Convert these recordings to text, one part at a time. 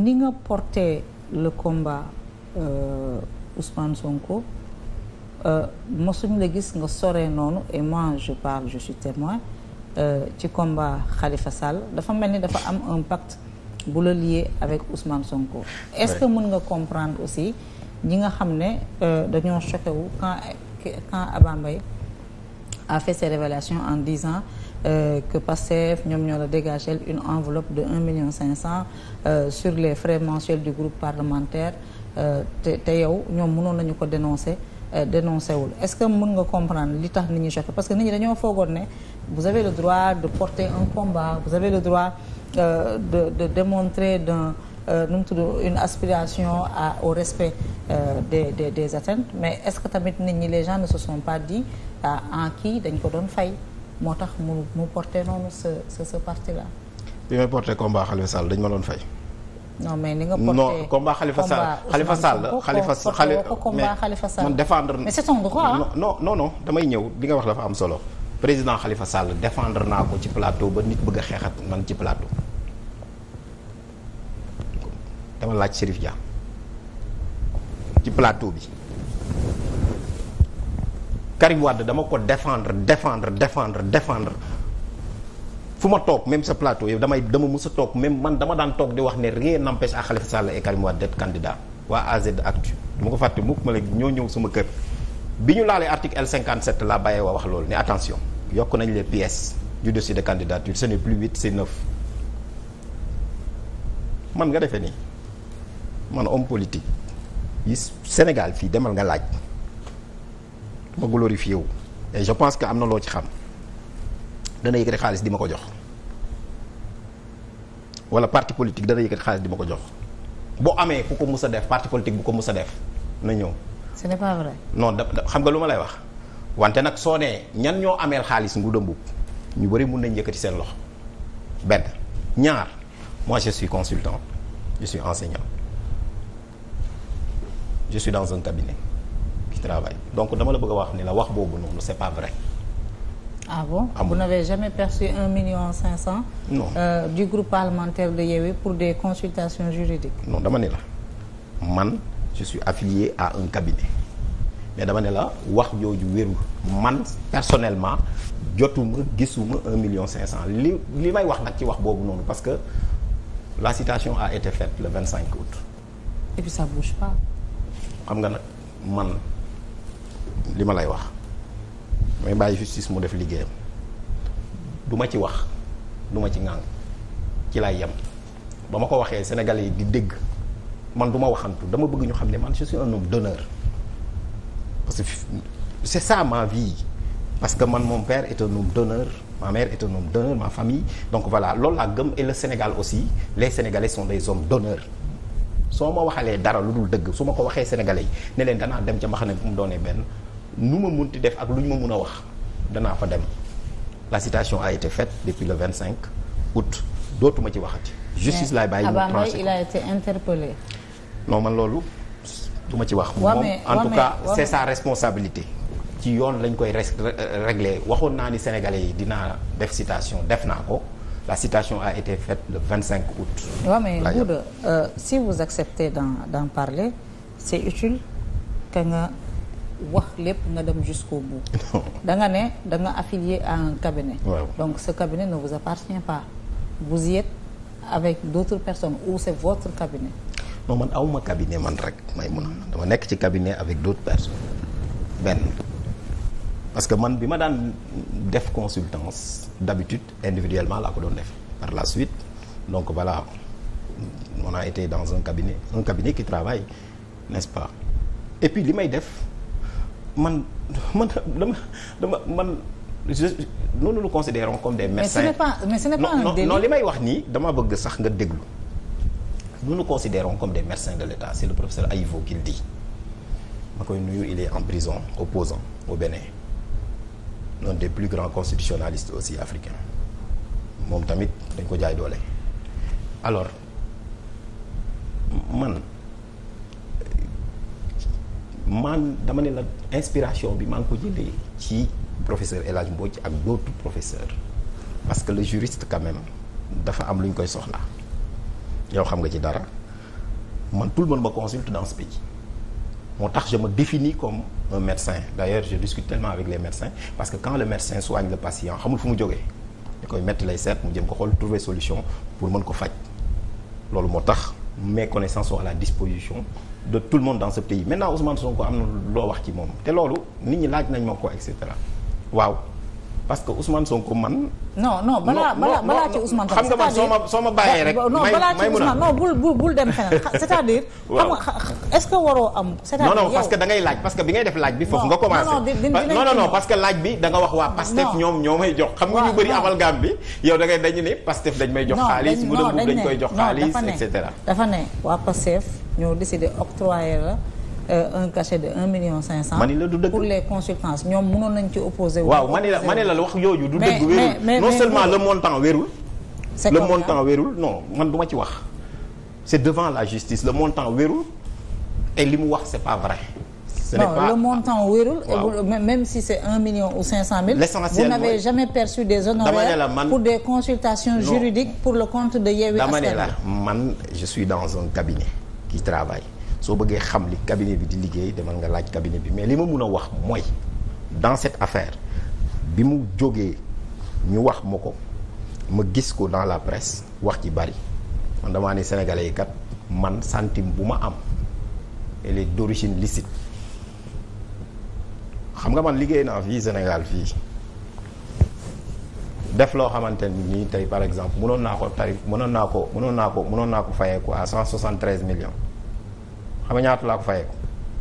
ni nga porté le combat euh, Ousmane Sonko euh, mosuñ la gis nga sore noonu et moi je parle je suis témoin euh, ci combat xalifa Sall dafa mel ni dafa am un pacte bu la lié avec Ousmane Sonko. est-ce que mën nga comprendre aussi ñi nga xam ne euh, dañoo choqué wu quand quand Abba Mbaye a fait ses révélations en disant. euh, que PASTEF ñoom ñoo la dégagé une enveloppe de un million cinq cent euh, sur les frais mensuels du groupe parlementaire euh, te te yow ñoom mënoon nañu ko dénoncer euh, dénoncé wul est-ce que mën nga comprendre li tax nit ñi choqué parce que nit ñi dañoo foogoon ne vous avez le droit de porter un combat vous avez le droit euh, de de démontrer d'un nu mu tudd une aspiration à au respect des des des atteintes mais est-ce que tamit nit ñi les gens ne se sont pas dit en kii dañ ko doon fay. moo tax mu mu porte noonu sa sa sa parti la bi may porté combat Khalifa Sall dañ ma doon fay. non mais ni nga porté non combat Khalifa Sall Khalifa Sall Khalifa Sall mais man défendre. mais c'est son damay ñëw li nga wax dafa am solo. président Khalifa Sall défendre naa ko ci plateau ba nit bëgg a xeexat man ci plateau dama laaj Chérif Dia ci plateau bi. Karim Wade dama ko défendre défendre défendre defendre fu ma toog même sa plateau yow damay dama mus a toog même man dama daan toog di wax ne rien n'empêche à Khalifa Sall et Karim Wade d'être candidat waa AZ Actu du ma ko fàtte mukk ma léegi ñoo ñëw sama kër bi ñu laalee article L57 laa bàyyee waa wax loolu ne attention yokk nañ lee pièces du dossier de candidature ce n'est plus huit c'est neuf man nga defee nii man homme politique Sénégal fii demal nga laaj ma glorifié wu et je pense que am na loo ci xam dana yëkkati xaalis di ma ko jox wala parti politique dana yëkkati xaalis di ma ko jox boo amee ku ko mus a def parti politique bu ko mus a def na ñëw. ce n'est da xam nga lu ma lay wax wante nag soo nee ñan ñoo ameel xaalis Ngouda Mboup ñu bëri mun nañ yëkkati seen loxo benn ñaar moi je suis consultant je suis enseignant je suis dans un cabinet. donc dama la bëgg wax ni la wax boobu noonu c'est pas vrai. ah bon ah vous bon. n'avez jamais perçu un million cinq cent. non euh, du groupe parlementaire de Yewwi pour des consultations juridiques. non dama ni la man je suis affilié à un cabinet mais dama ne la wax jooju wérul man personnellement jotuma gisuma million cinq cent li li may wax nag ci wax boobu noonu parce que la citation a été faite le vingt cinq aut et puis ça bouge pas. xam nga nag man. li ma lay wax may bàyyi justice mu def liggéeyam du ma ci wax du ma ci ŋàng ci laay yem ba ma ko waxee sénégalais yi di dëgg man du ma waxantu dama bëgg ñu xam ne man je suis un homme d'honneur parce que c'est ça ma vie parce que man mon père est un homme d'honneur ma mère est un homme d'honneur ma famille donc voilà lool laa gëm et le Sénégal aussi les Sénégalais son des hommes d'honneur soo ma waxalee dara lu dul dëgg su ma ko waxee sénégalais yi ne leen danaa dem ca mbaxane bu mu doonee nu ma munti def ak lu ñu ma mun a wax danaa ko dem la citation a été faite depuis cinq 25 août dootuma ci waxati. justice laay bàyyi mu tranché il a été interpellé. non man loolu du ma ci wax. moom en tout cas c'est sa responsabilité. ci yoon lañ koy régler waxoon naa ni sénégalais yi dinaa def citation def naa ko la citation a été faite le 25 août. waaw mais Bouba euh, si vous acceptez d'en parler c'est utile que nga. wax lépp nga dem jusqu'au bout da nga ne da nga à un cabinet ouais. donc ce cabinet ne vous appartient pas vous y avec d'autres personne ou c'est votre cabinet non man awma cabinet man rek may mun a dama nekk ci cabinet avec d'autres personnes benn parce que man bi ma daan def consultance d'habitude individuellement laa ko doon def par la suite donc voilà on a été dans un cabinet un cabinet qui travaille n'est-ce pas et puis li may def man man dama dama man nous nous considérons comme des médecins. mais mais ce n'est pas un li may wax nii dama bëgg sax nga déglu. nous nous considérons comme des médecins de l'État c'est le professeur Aïvo qui le dit ma koy nuyu il est en prison opposant au Bénin l'un des plus grands constitutionnalistes aussi africain moom tamit dañ ko jaay doole alors man. man dama ne la inspiration bi maa ngi ko jëlee ci professeur El Hadj ak d'autres professeurs parce que le juriste quand même dafa am lu ñu koy soxla yow xam nga ci dara man tout le monde me consulte dans ce pays moo tax je me définis comme un médecin d'ailleurs je discute tellement avec les médecins parce que quand le médecin soigne le patient xamul fu mu jógee da koy metti lay seet mu jëm ko xool trouver solution pour mën ko faj loolu moo tax mes connaissances sont à la disposition de tout le monde dans ce pays maintenant Ousmane Sonko am na loo wax ci moom te loolu nit ñi laaj nañ ma ko et waaw parce que Ousmane Sonko man. non non balaa balaa ci Ousmane. xam nga man soo ma soo ma a non bul bul bul xam nga est-ce que waroo am. c'est-à-dire non non parce que da laaj que bi ngay def laaj bi. foofu nga commencé non que laaj bi da nga wax waa Pastef ñoom ñoo may jox. xam nga ñu bëri amalgame bi yow da dañu ne Pastef dañ may jox. xaalis mu ne dañ koy jox xaalis et cetera. dafa ñoo décidé octroyer la euh, un cachet de 1 million 500. mani la du dëgg pour les consultances ñoom mënoon nañ ci opposé. waaw mani la mani la wax yooyu du dëgg. wérul non seulement le montant wérul. c'est le montant wérul non man du ma ci wax. c'est devant la justice le montant wérul et li mu wax c'est pas vrai. ce n'est pas le montant wérul. waaw même si c'est 1 million ou 500 000. l'essentiel vous n'avez jamais perçu des honoraires pour des consultations juridiques pour le compte de la man je suis dans un cabinet. qui travaille soo bëggee xam li cabinet bi di liggéey demal nga laaj cabinet bi mais li ma mun a wax mooy dans cette affaire bi mu jógee ñu wax ma ko ma gis ko dans la presse wax ci bari man damaa ne sénégalais kat man centime bu ma am elle est d'origine licite xam nga man liggéey naa fii Sénégal fii def loo xamante ni tey par exemple mënoon naa ko tarif mënoon naa ko mënoon naa ko mënoon naa ko fayeeku à 173 millions xam nga ñaata laa ko fayeeku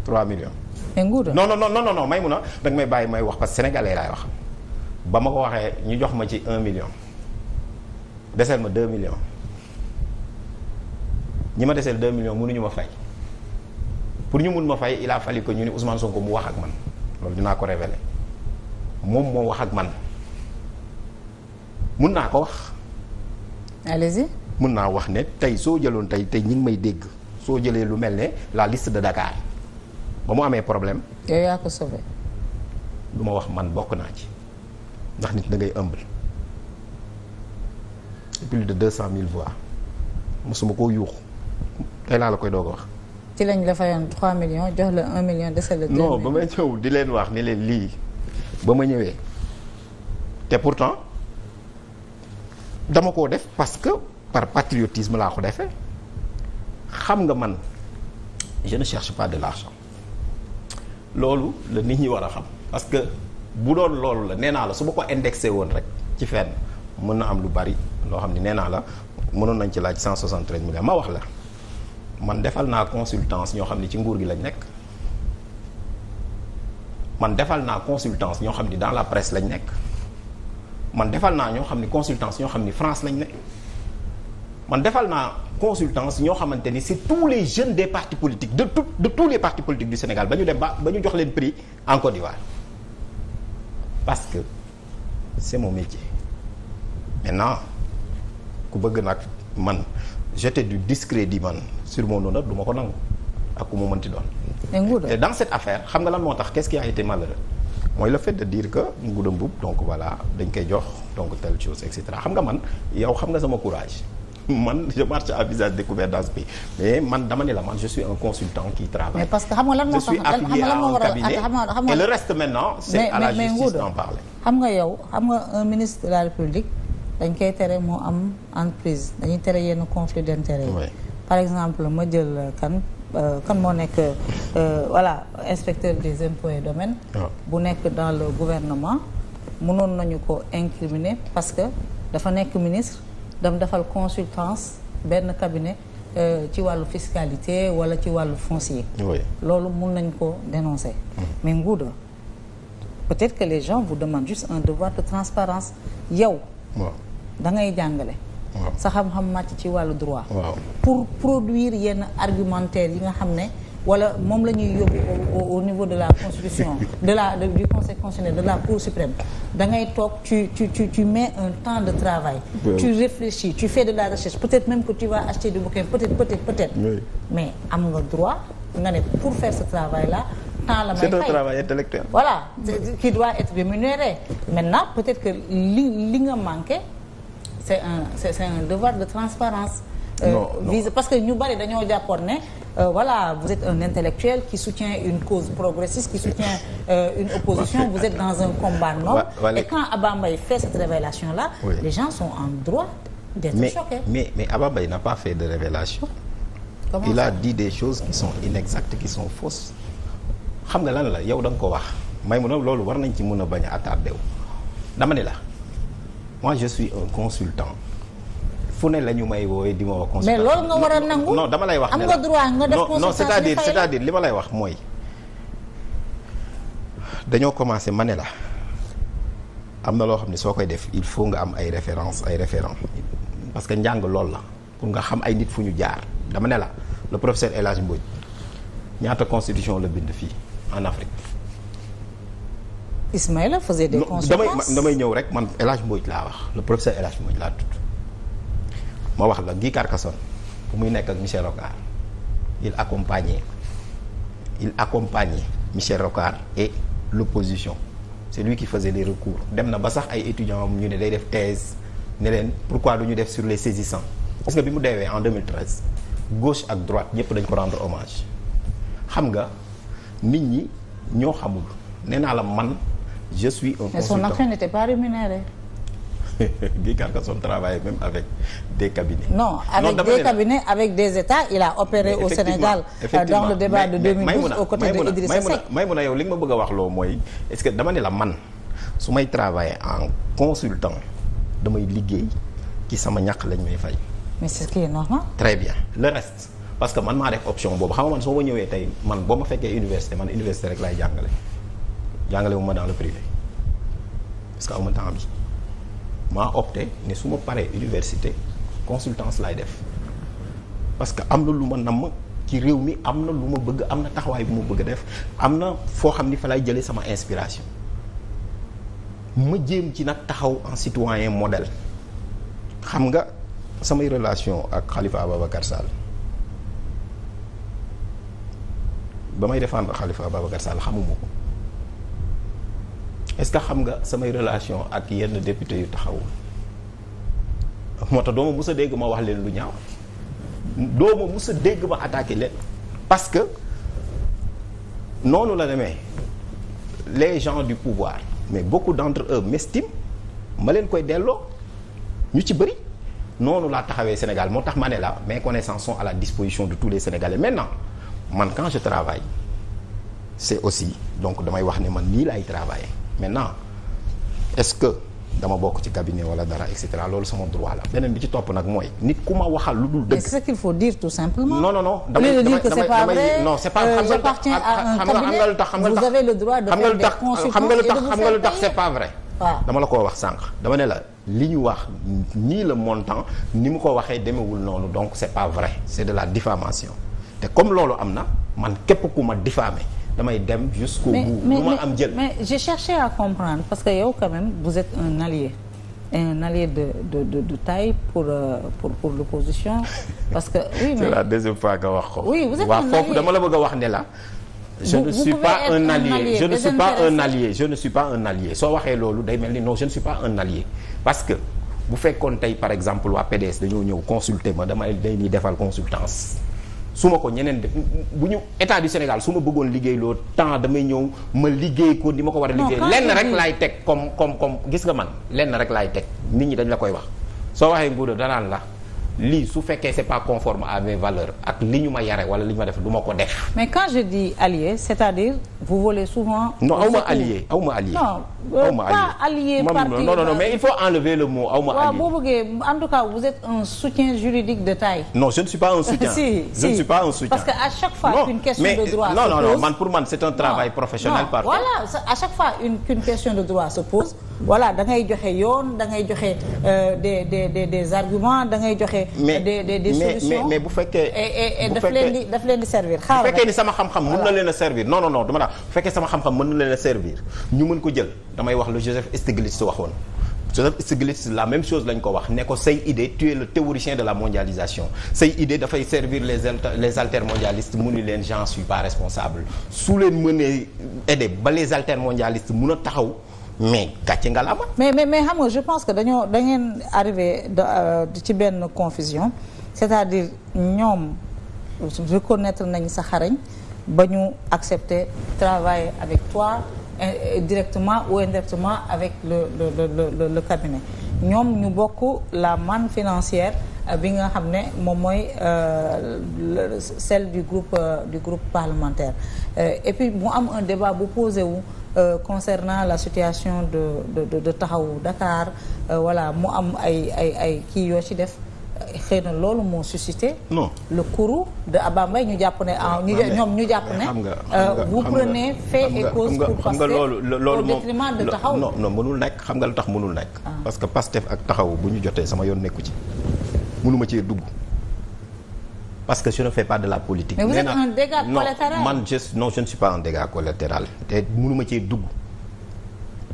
3 million mais nguur non non non non may mun a danga may bàyyi may wax parce que sénégalais laay wax ba ma ko waxee ñu jox ma ci un million deseel ma 2 millions ñi ma deseel 2 millions mënuñu ma fay pour ñu mun ma fay il a fallu que ñu ni Ousmane Sonko mu wax ak man loolu dinaa ko révéler moom moo wax man. mun naa ko wax. allez-y. mun naa wax ne tey soo jëloon tey tey ñi may dégg soo jëlee lu mel ne la liste de Dakar ba mu amee problème. yow yaa ko sauvé. du ma wax man bokk naa ci ndax nit da ngay ëmbal plus de deux cent mille voix mosuma koo yuuxu tey laa la koy doog a wax. ci lañ dafa fayoon trois millions jox la un million dese la. non ba ma ñëw di leen wax ni leen lii ba ma ñëwee te pourtant. dama koo def parce que par patriotisme laa ko defee xam nga man je ne cherche de l'argent loolu la nit ñi war a xam parce que bu doon loolu la nee naa la su ma ko indexé woon rek ci fenn mën na am lu bari loo xam ne nee naa la mënoon nañ ci laaj 173 millions ma wax la man defal naa consultance ñoo xam ne ci nguur gi lañ nekk man defal naa consultance ñoo xam ne dans la presse lañ nekk man defal naa ñoo xam ni consultance ñoo xam ni France lañ ne man defal naa consultance ñoo xamante ni c'est tous les jeunes des partis politiques de tout de tous les partis politiques du Sénégal ba ñu dem ba ba ñu jox leen prix en Côte d'Ivoire parce que c'est mon métier maintenant ku bëgg nag man jeter du discrédit man sur mon honneur du ma ko nangu ak ku mu mënti doon. et dans cette affaire xam na lan moo tax qu'est-ce qui a été malheureux. mooy le fait de dire que Ngouda Mboup donc voilà dañ koy jox donc telle chose et xam nga man yow xam nga sama courage man je marche à visage découvert dans ce pays mais man dama ne la man je suis un consultant qui travaille. mais parce que xam nga lan moo tax nga lan et le reste maintenant. c'est à la justice d'en parler. xam nga yow xam nga un ministre de la République dañ koy tere moo am entreprise dañuy tere yenn conflit d'intérêt par exemple ma jël kan. xam euh, moo nekk euh, voilà inspecteur des impôts et domaines ah. bu nekk dans le gouvernement mënoon nañu ko incriminer parce que dafa nekk ministre dam defal consultance benn cabinet euh, ci wàllu fiscalité wala ci wàllu foncier loolu mun nañ ko dénoncer mm. mais nguuda peut-être que les gens vous demandent juste un devoir de transparence yow da ngay jàngale sa xam-xam màcc ci wàllu droit pour produire yenn argumentaire yi nga xam ne wala moom la ñuy yóbbu au niveau de la constitution de la de, du conseil constitutionnel de la cour suprême da ngay toog tu tu tu tu mets un temps de travail oui. tu réfléchis tu fais de la recherche peut-être même que tu vas acheter du bouquin peut-être peut-être mais am nga droit nga ne pour faire ce travail là temps la may c'est un intellectuel voilà qui doit être rémunéré maintenant peut-être que li li nga manqué c'est un c'est un devoir de transparence Euh, non, vise, non parce que ñu bari dañoo jàppoon ne euh, voilà vous êtes un intellectuel qui soutient une cause progressiste qui soutient euh, une opposition vous êtes dans un combat noble et quand Abba Mbaye fait cette révélation là les gens sont en droit d'être mais, choqués mais mais Abba Mbaye n'a pas fait de révélation Comment il ça? a dit des choses qui sont inexactes qui sont fausses xam nga lan la yow da nga ko wax may mu ne loolu war nañ ci mun a bañ a attardé dama la moi je suis un consultant fu ne la ñu may woowee di ma wax consultant. mais loolu nga war a nangu non dama lay wax. am nga droit nga def non cest à li ma lay wax mooy dañoo commencé ma ne la am na loo xam ne soo koy def il faut nga am ay références ay référents parce que njàng loolu la pour nga xam ay nit fu ñu jaar dama ne la le professeur El Hadj Mbodj ñaata constitution la bind fii en Afrique. Ismaïla faisait des consultations damay ñëw rek man El Hadj laa wax le professeur El Hadj Mbodj laa tudd ma wax la Guy Carcassonne bu muy nekk ak Michel Rocard il accompagnait il accompagnait Michel Rocard et l'opposition c'est lui qui faisait les recours dem na ba sax ay étudiants am ñu ne day def thèse ne leen pourquoi du ñu def sur les saisissants gis nga bi mu deewee en 2013 gauche ak droite ñëpp dañ ko rendre hommage xam nga nit ñi ñoo xamul nee naa man je suis un consultant. son entrain n'était pas rémunéré. Guy Carcassonne travaille même avec des cabinets. Non, avec non, des cabinets, avec des États, il a opéré au Sénégal euh, dans le débat mais, de 2012 aux côtés de Idrissa Seck. Maïmouna li nga bëgg wax loo mooy est-ce que dama ne la man su may travailler en consultant damay liggéey ci sama ñàkk lañ may fay. mais c'est ce qui est normal. bien le reste parce que man maa def option boobu xam nga man soo ma ñëwee tey man boo ma fekkee université man université rek laay jàngale. jàngale wu ma dans le privé parce que aw ma temps maa opté ne su ma paree université consultance laay def parce que am na lu ma namm ci réew mi am na lu ma bëgg am na taxawaay bu ma bëgg def am na foo xam ni fa laay jëlee sama inspiration ma jéem ci nag taxaw en citoyen modèle xam nga samay relation ak xalifa Ababacar Sall ba may défendre xalifa Ababacar Sall xamuma ko est-ce que xam nga samay relation ak yenn député yu taxawul moo tax dooma mus a dégg ma wax leen lu ñaaw doo mus a dégg ma attaqué leen parce que noonu la demee les gens du pouvoir mais beaucoup d'entre eux m'estiment ma leen koy delloo ñu ci bëri noonu laa taxawee Sénégal moo tax ma ne la mes connaissances sont à la disposition de tous les Sénégalais maintenant man quand je travaille c'est aussi donc damay wax ne man nii laay travailler maintenant est-ce que dama bokk ci cabinet wala dara et cetera loolu sama droit la beneen bi ci topp nag mooy nit ku ma waxal lu dul dëgg. mais c'est ce qu'il faut dire tout simplement. non non non damay damay damay non c'est pas vrai j'appartiens à un cabinet vous avez le droit de faire xam nga lu tax xam nga lu tax c'est pas vrai. la ko wax sànq dama ne la li ñu wax nii le montant ni mu ko waxee demewul noonu donc c'est pas vrai c'est de la diffamation te comme loolu am na man képp ku ma diffamé. damay dem jusqu'au bout lu ma am jël mais j'ai cherché à comprendre parce que yow quand même vous êtes un allié un allié de de de, de taille pour euh, pour pour l'opposition parce que oui mais c'est la wax ko oui vous êtes waaw foofu dama la bëgg wax ne la je ne un allié je ne pas un allié je ne suis pas un soo waxee loolu day mel ni non je ne suis pas un allié parce que bu fekkoon tey par exemple waa PDS dañoo ñëw consulter ma damay day ñuy defal consultance su ma ko ñeneen def bu ñu état du Sénégal su ma bëggoon liggéey loo temps damay ñëw ma liggéey ko di ma ko war a liggéey lenn rek laay teg comme comme comme gis nga man lenn rek laay teg nit ñi dañ la koy wax soo waxee nguur danaan la lii su fekkee c'est pas conforme à mes valeurs ak li ñu ma yare wala li ma def du ma ko def. mais quand je dis allié c'est-à-dire vous volez souvent. non aw ma allié aw ma allié. aw ma non euh, pas allié. non non non euh, mais il faut enlever le mot aw ma allié. waaw boo bëggee en tout cas vous êtes un soutien juridique de taille. non je ne suis pas un soutien. parce que à chaque fois. qu'une question de droit se pose. voilà da ngay joxe yoon da ngay joxe euh, des des des arguments da ngay joxe. des de des solutions mais bu fekkee. et daf leen di daf leen di servir. xaaral bu fekkee ni sama xam-xam mën na leen a servir no no non dama daal fekkee sama xam-xam mën na leen a servir ñu mën ko jël damay wax lu Joseph Stiglitz waxoon. Joseph Stiglitz la même chose lañ ko wax ne ko say idée tu es le théoricien de la mondialisation say idée dafay servir les les altermondialistes mu ni leen j'en suis pas responsable su leen mënee aider ba les altermondialistes mun a taxaw. mais gàcce nga la ama mais mais mais xam nga je pense que dañoo da arriver arrivé euh, ci benn confusion c'est-à-dire ñoom reconnaître nañu sa xarañ ba ñu accepter travailler avec toi euh, directement ou indirectement avec le le le le, le cabinet ñoom ñu bokk la man financière euh, bi nga xam ne moom mooy celle du groupe du groupe parlementaire et puis mu am un débat bu posé wu. euh, concernant la situation de de de Taxawu Dakar euh, mu am ay ay ay kii yoo ci def xëy na loolu moo suscité. non le courroux de Abba Mbaye ñu jàpp ne ah ñu ñoom ñu jàpp ne. xam nga euh, xam nga vous prenez fait et cause pour loolu loolu moom au détriment de Taxawu. non mënul nekk xam nga lu tax mënul nekk. Ah. parce que Pastef ak taxaw bu ñu jotee sama yoon nekku ci mënuma cee dugg. parce que je ne fais pas de la politique. mais vous êtes un dégât collatéral man je non je ne suis pas un dégât collatéral. te mënuma cee dugg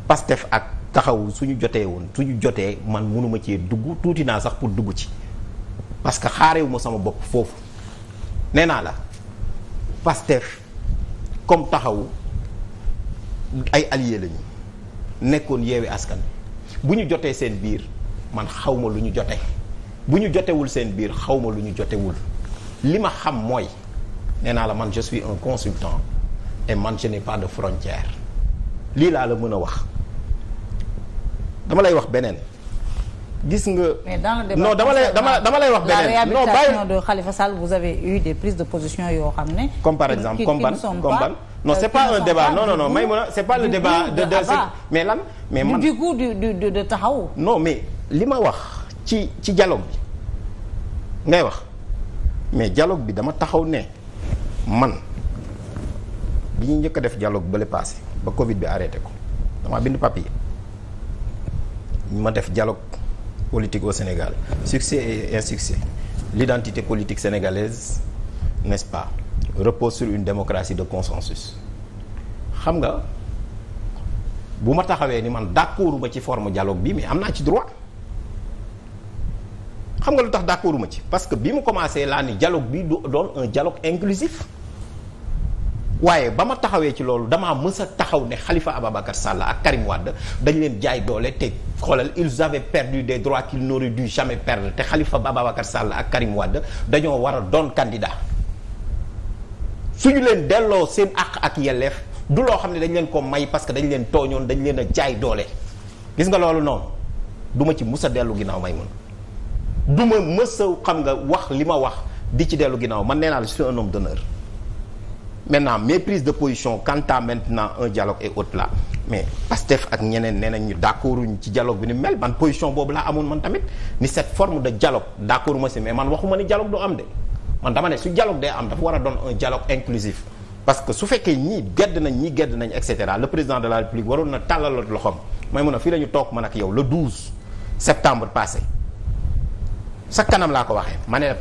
Pastef ak taxawu suñu jotee woon suñu jotee man mënuma cee dugg tuuti naa sax pour dugg ci parce que xaarewuma sama bopp foofu nee naa la Pastef comme taxaw ay alliés lañu nekkoon yeewi askan bu ñu jotee seen biir man xaw ma lu ñu jotee bu ñu jotewul seen biir xaw ma lu ñu jotewul li ma xam mooy nee naa la man je suis un consultant et man je n'ai pas de frontière lii laa la mën a wax dama lay wax beneen gis nga. mais dans le dama lay dama dama lay wax beneen. no bàyyi la réhabilitation de Khalifa Sall vous avez eu des prises de position yoo xam ne. comme par exemple comme ban comme ban. non euh, c'est pas un débat non non non may mën a c'est pas le débat de de mais lan mais man du coup du du taxaw. non mais li ma wax ci ci dialogue bi ngay wax. mais dialogue bi dama taxaw ne man bi ñu njëkk a def dialogue bale passé ba Covid bi arrêté ko dama bind papier ñu ma def dialogue politique au Sénégal succès et insuccès l'identité politique sénégalaise n'est-ce pas repose sur une démocratie de consensus xam nga bu ma taxawee ni man d'accord ma ci forme dialogue bi mais am naa ci droit xam nga lu tax d'accorduma ci parce que bi mu commencé laa ni dialogue bi du doon un dialogue inclusif waaye ba ma taxawee ci loolu damaa mës a taxaw ne xalifa Ababacar Sall ak Karim Wade leen jaay doole te xoolal ils avaient perdu des droits qu'ils n'auraient dû jamais perdre te Khalifa Ababacar Sall ak Karim Wade dañoo war a doon candidat suñu leen delloo seen àq ak yelleef du loo xam ne dañ leen ko may parce que dañ leen tooñoon dañ leen a jaay doole gis nga loolu noonu duma ci mus a dellu ginnaaw may mën du ma mësaw xam nga wax li ma wax di ci dellu ginnaaw man nee naa la je suis un homme d'honneur maintenant mes prises de position quant à maintenant un dialogue et autres là mais Pastef ak ñeneen nee nañ ñu d'accorduñ ci dialogue bi ni mel man position boobu laa amoon man tamit ni cette forme de dialogue d'accordu si mais man waxuma ni dialogue du am de man dama ne su dialogue day am dafa war a doon un dialogue inclusif parce que su fekkee ñii gedd nañ ñi gedd nañ et cetera le président de la république waroon na tàllaloot loxoom may mun a fii la ñu toog ak yow le 12 septembre passé sa kanam laa ko waxee manee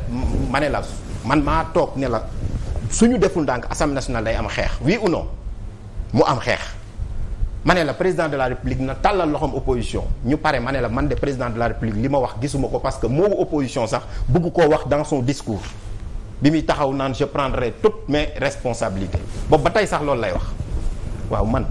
ne la man maa toog ne la suñu deful ndànk assemblée nationale day am xeex oui ou non mu am xeex ma ne la président de la république na tàllal loxoom opposition ñu pare ma ne la man de président de la république li ma wax gisuma ko parce que moo opposition sax bëgg koo wax dans son discours bi muy taxaw naan je prendrai toutes mes responsabilités boobu ba tey sax loolu lay wax waaw man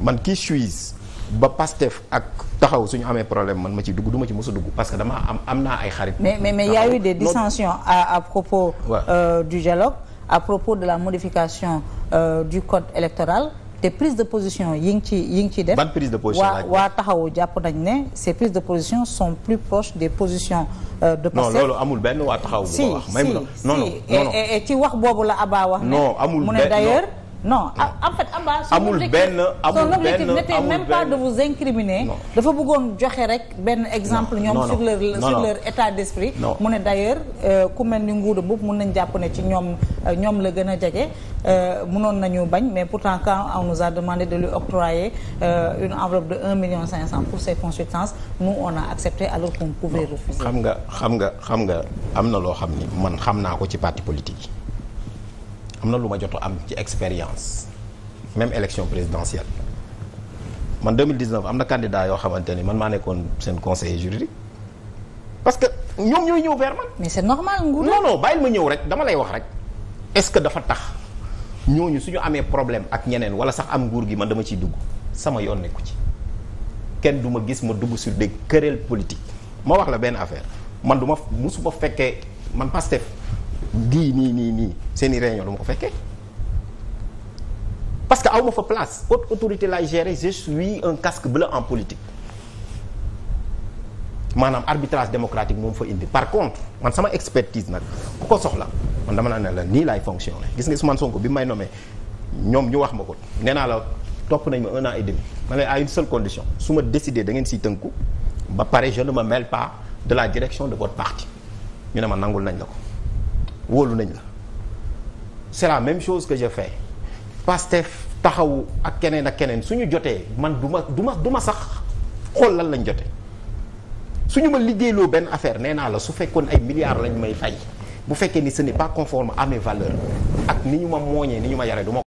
man qui suis ba Pastef ak taxaw su ñu amee problème man ma ci dugg du ma ci mos a dugg parce que dama am am na ay xarit. mais mais mais y a eu des dissensions à à propos. Euh, du dialogue à propos de la modification euh, du code électoral. te prise de position yi nga ci yi ngi ciy def. ban prise de position waa waa taxawu jàpp nañ ne ces prises de position sont plus proches des positions. Euh, de Pastef non loolu benn waa taxawu. bu wax boobu la Abba wax. non amul mu ne d'ailleurs. non ah. en fait Abba. amul benn amul benn son objectif n'était même pas de vous incriminer. dafa bëggoon joxe rek benn exemple. ñoom sur leur sur leur état d'esprit. mu ne d'ailleurs euh, ku mel ni nguuru boobu mun nañ jàpp ne ci ñoom euh, ñoom la gën a jege euh, munoon nañu bañ mais pourtant quand on nous a demandé de lui octroyer une enveloppe de un million cinq cent pour ses consultances nous on a accepté alors qu'on pouvait xam nga xam nga xam nga am na loo xam ni man xam naa ko ci parti politique yi. am na lu ma jot am ci expérience même élection présidentielle man 2019 am na candidat yoo xamante ni man maa nekkoon seen conseiller juridique parce que ñoom ñooy ñëw vers man. mais c'est normal nguur non non bàyyil ma ñëw rek dama lay wax rek est-ce que dafa tax ñooñu suñu amee problème ak ñeneen wala sax am nguur gi man dama ciy dugg sama yoon nekku ci kenn du ma gis ma dugg sur des querelles politiques ma wax la benn affaire man du ma musuma fekkee man Pastef gii nii nii nii seen i réunion lu ko fekkee parce que aw ma fa place haute autorité lay gérer je suis un casque bleu en politique maanaam arbitrage démocratique moom fa indi par contre man sama expertise nag ku ko soxla man dama naa ne la nii laay fonctionner gis nga Ousmane Sonko bi may nommé ñoom ñu wax ma ko nee naa la topp nañ ma un an et demi ma ne à une seule condition su ma décidé da ngeen siy tënku ba pare je ma me mêle pas de la direction de votre parti ñu ne ma nangul nañ la ko. wóolu nañ la c'est la même chose que j'ai fait Pastef taxaw ak keneen ak keneen suñu jotee man du ma du ma du ma sax xool lan lañ jotee suñu ma liggéeyloo benn affaire nee naa la su fekkoon ay milliards lañ may fay bu fekkee ni ce n'est pas conforme à mes ak ni ñu ma mooñee ni ñu ma yaree du ma